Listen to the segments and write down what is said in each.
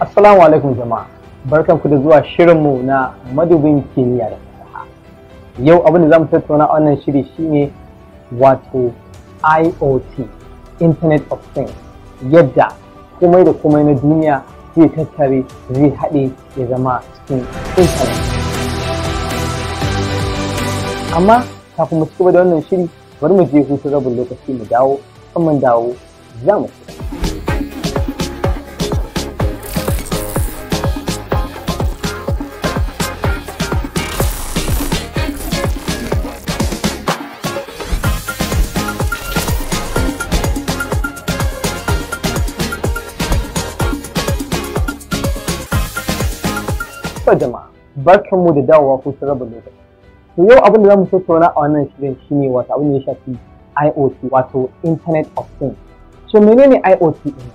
Assalamu alaikum jama'a. Barkan ku da zuwa shirin mu na madubin kimiyya da fasaha. Yau abin da zamu tattauna a wannan shiri shine wato IoT, Internet of Things, yadda komai da komai na duniya zai tattare zai haɗe ya zama cikin internet. Amma kafin mu ci gaba da wannan shiri bari mu je hutu rabin lokaci mu dawo, kan mun dawo za mu ci. To jama'a, barkanmu da dawowa ta raba lokaci. To yau abin da za mu tattauna a wannan shirin shine wato abin da ya shafi IoT wato Internet of Things. So menene IoT din?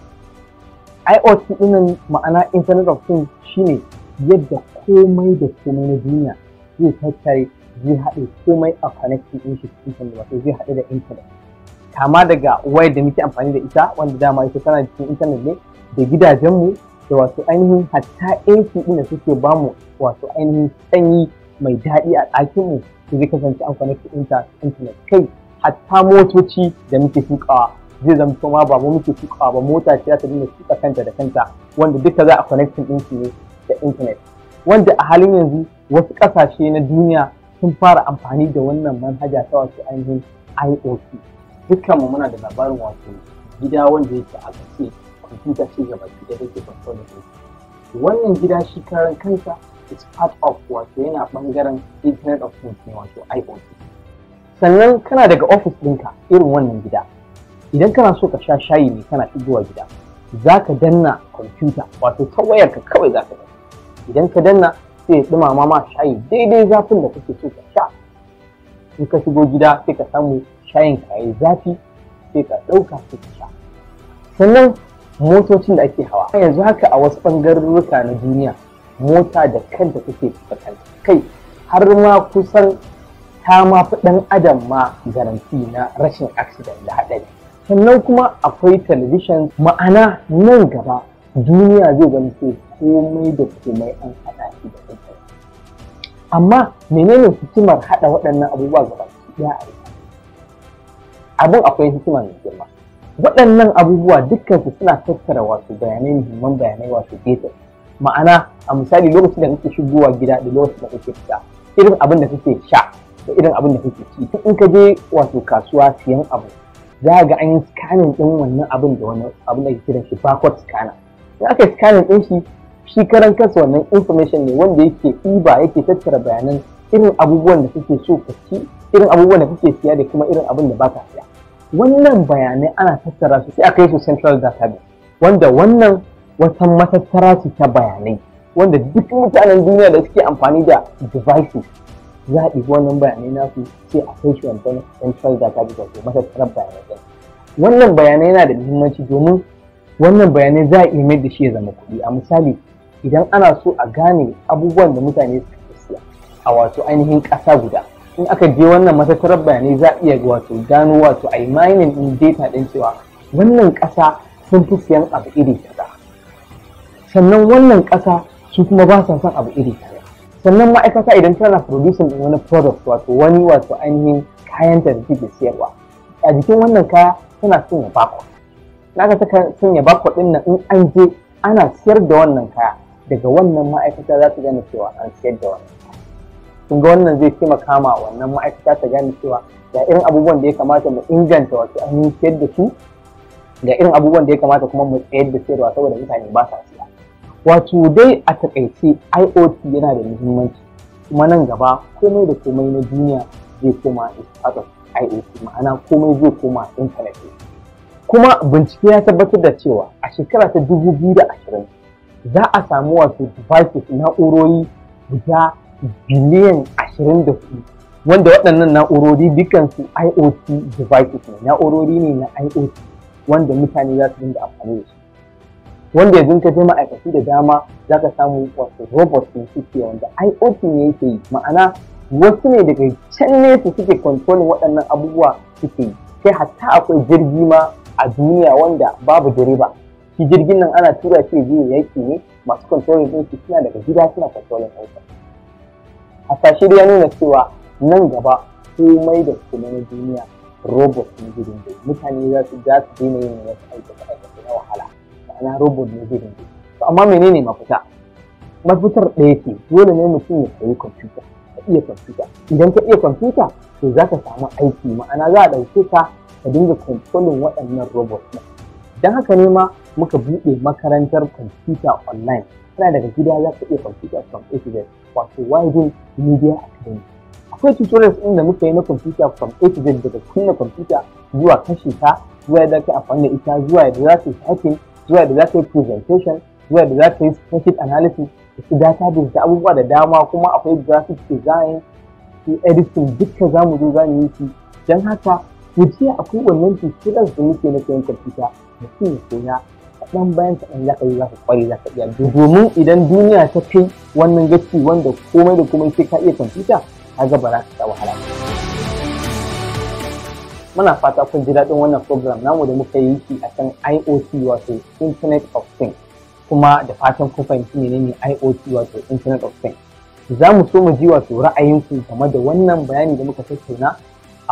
IoT din ma'ana Internet of Things shine yadda komai da komai na duniya zai tattare zai haɗe komai a connecting din shi cikin wato zai haɗe da internet. Kama daga wayar da muke amfani da ita wanda dama ita tana cikin internet ne da gidajenmu da wasu ainihin hatta AC ɗin da suke bamu wasu ainihin sanyi mai daɗi a ɗakinmu su zai kasance an connect inta internet kai hatta motoci da muke tukawa zai zama ma ba mu muke tukawa ba mota ce za ta dinga tuka kanta da kanta wanda duka za a connecting ɗin ne da internet wanda a halin yanzu wasu ƙasashe na duniya sun fara amfani da wannan manhaja ta wasu ainihin IoT dukkanmu muna da labarin wato gida wanda yake a computer shi gaba ki da take da shi wannan gida shi karan kansa is part of wato yana bangaren internet of things ne wato IoT sannan kana daga ofis ɗinka irin wannan gida idan kana so ka sha shayi ne kana shigowa gida za ka danna kwamfuta wato ta wayar ka kawai za ka danna idan ka danna sai ya ɗumama ma shayi daidai zafin da kake so ka sha in ka shigo gida sai ka samu shayin ka yi zafi sai ka ɗauka sai ka sha sannan motocin da ake hawa yanzu haka a wasu bangarurruka na duniya mota da kanta take kanta kai har ma kusan ta ma fi ɗan adam ma garanti na rashin accident da haɗari sannan kuma akwai talabishin ma'ana nan gaba duniya zai gani sai komai da komai an haɗa shi da kai. amma menene hikimar haɗa waɗannan abubuwa gaba ɗaya a abin akwai hikimar girma waɗannan abubuwa dukkansu suna tattara wasu bayanai muhimman bayanai wasu gefe ma'ana a misali lokacin da kake shigowa gida da lokacin da kake fita irin abin da kake sha da irin abin da kake ci duk in ka je wato kasuwa siyan abu za ga an yi scanning ɗin wannan abin da wani abin da ke kiran shi barcode scanner in aka yi scanning ɗin shi shi karan kansa wannan information ne wanda yake iba, yake tattara bayanan irin abubuwan da kake so ka ci irin abubuwan da kake siya da kuma irin abin da baka siya wannan bayanai ana tattara su sai a kai su central database wanda wannan wata matattara su ta bayanai wanda duk mutanen duniya da suke amfani da devices za a wannan bayanai nasu sai a kai shi wancan central database wato matattarar bayanai wannan bayanai yana da muhimmanci domin wannan bayanai za a iya mai da shi ya zama kuɗi a misali idan ana so a gane abubuwan da mutane suka siya a wato ainihin ƙasa guda in aka je wannan matattarar bayanai za a iya wato gano wato a mining in data din cewa wannan ƙasa sun fi siyan abu iri kaza sannan wannan ƙasa su kuma ba sa son abu iri kaza sannan ma'aikata idan tana producing din wani product wato wani wato ainihin kayan da take siyarwa a jikin wannan kaya tana sanya aka saka ta sanya bako din nan in an je ana siyar da wannan kaya daga wannan ma'aikata za ta gane cewa an siyar da wannan kun ga wannan zai taimaka ma wannan ma'aikata ta gane cewa ga irin abubuwan da ya kamata mu inganta wasu an siyar da su ga irin abubuwan da ya kamata kuma mu tsayar da sayarwa saboda mutane ba sa siya wato dai a takaice IoT yana da muhimmanci kuma nan gaba komai da komai na duniya zai koma a IoT ma'ana komai zai koma intanet. kuma bincike ya tabbatar da cewa a shekara ta dubu biyu da 2020 za a samu wato devices na'urori guda biliyan 24 wanda waɗannan na'urori dukansu IoT devices ne na'urori ne na IoT wanda mutane za su dinga amfani da su wanda yanzu ka je ma'aikatu da dama za ka samu wasu robot ne suke wanda IoT ne yake yi ma'ana wasu ne daga can su suke controlling waɗannan abubuwa suke yi sai hatta akwai jirgi ma a duniya wanda babu direba shi jirgin nan ana tura shi zuwa yaki ne masu controlling ɗin suna daga gida suna controlling ɗinsa hasashe ya nuna cewa nan gaba komai da su na duniya robot na gidan da mutane za su za su daina yin wasu aikata aikata na wahala ma'ana robot ne gidan da to amma menene mafita Mafutar ɗaya ce dole ne mutum ya sayi kwamfuta ka iya kwamfuta idan ka iya kwamfuta to za ka samu aiki ma'ana za a ɗauke ka ka dinga kwamfulin waɗannan robot ɗin don haka ne ma muka buɗe makarantar kwamfuta online kana daga gida za ka iya kwamfuta from A to wato Widen Media Academy. Akwai tutorials ɗin da muka yi na kwamfuta from A to Z daga kunna kwamfuta zuwa kashe ta zuwa yadda ka amfani da ita zuwa yadda za ta yi hacking zuwa yadda za ta yi presentation zuwa yadda za ta yi spreadsheet analysis da su database da abubuwa da dama kuma akwai graphic design su editing dukkan za mu zo za mu yi shi don haka ku akwai wannan tutorials da muke na kayan kwamfuta mutum ya koya kaɗan bayan kaɗan za ka yi za ka kware za ka iya domin idan duniya ta fi wannan gaske wanda komai da komai sai ka iya kwamfuta ta gaba za ka wahala Muna fata kun ji daɗin wannan program namu da muka yi shi a kan IoT wato Internet of Things kuma da fatan kun fahimci menene IoT wato Internet of Things. Za mu so mu ji wato ra'ayinku game da wannan bayani da muka tattauna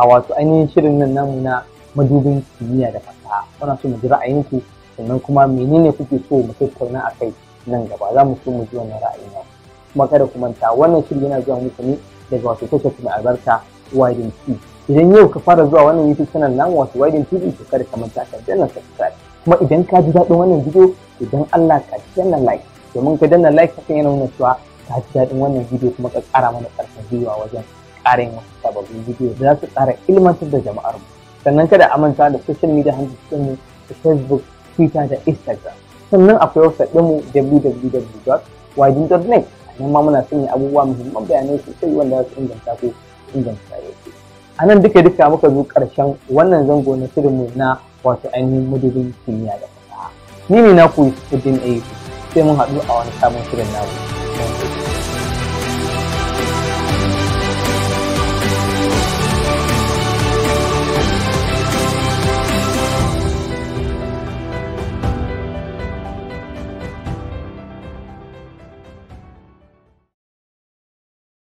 a wato ainihin shirin nan namu na madubin kimiyya da fasaha. Muna so mu ji ra'ayinku sannan kuma menene kuke so mu tattauna a kai nan gaba za mu so mu ji wannan ra'ayi na kuma kada ku manta wannan shirin yana zuwa muku ne daga wato tasha mai albarka widen tv idan yau ka fara zuwa wannan youtube channel nan wato widen tv to kada ka manta ka danna subscribe kuma idan ka ji daɗin wannan bidiyo idan Allah ka danna like domin ka danna like hakan yana nuna cewa ka ji daɗin wannan bidiyo kuma ka ƙara mana ƙarfin gwiwa wajen ƙarin wasu sababbin bidiyo da za su ƙara ilmantar da jama'ar mu sannan kada a manta da social media handles ɗin mu facebook Twitter da Instagram. Sannan akwai website ɗinmu www.wadi.net nan ma muna sanya abubuwa muhimman bayanai sosai wanda za su inganta ko inganta ku. A nan duka duka muka zo ƙarshen wannan zango na shirinmu na wato ainihin madubin kimiyya da fasaha. Ni ne na su kudin Ayyuka sai mun haɗu a wani sabon shirin namu.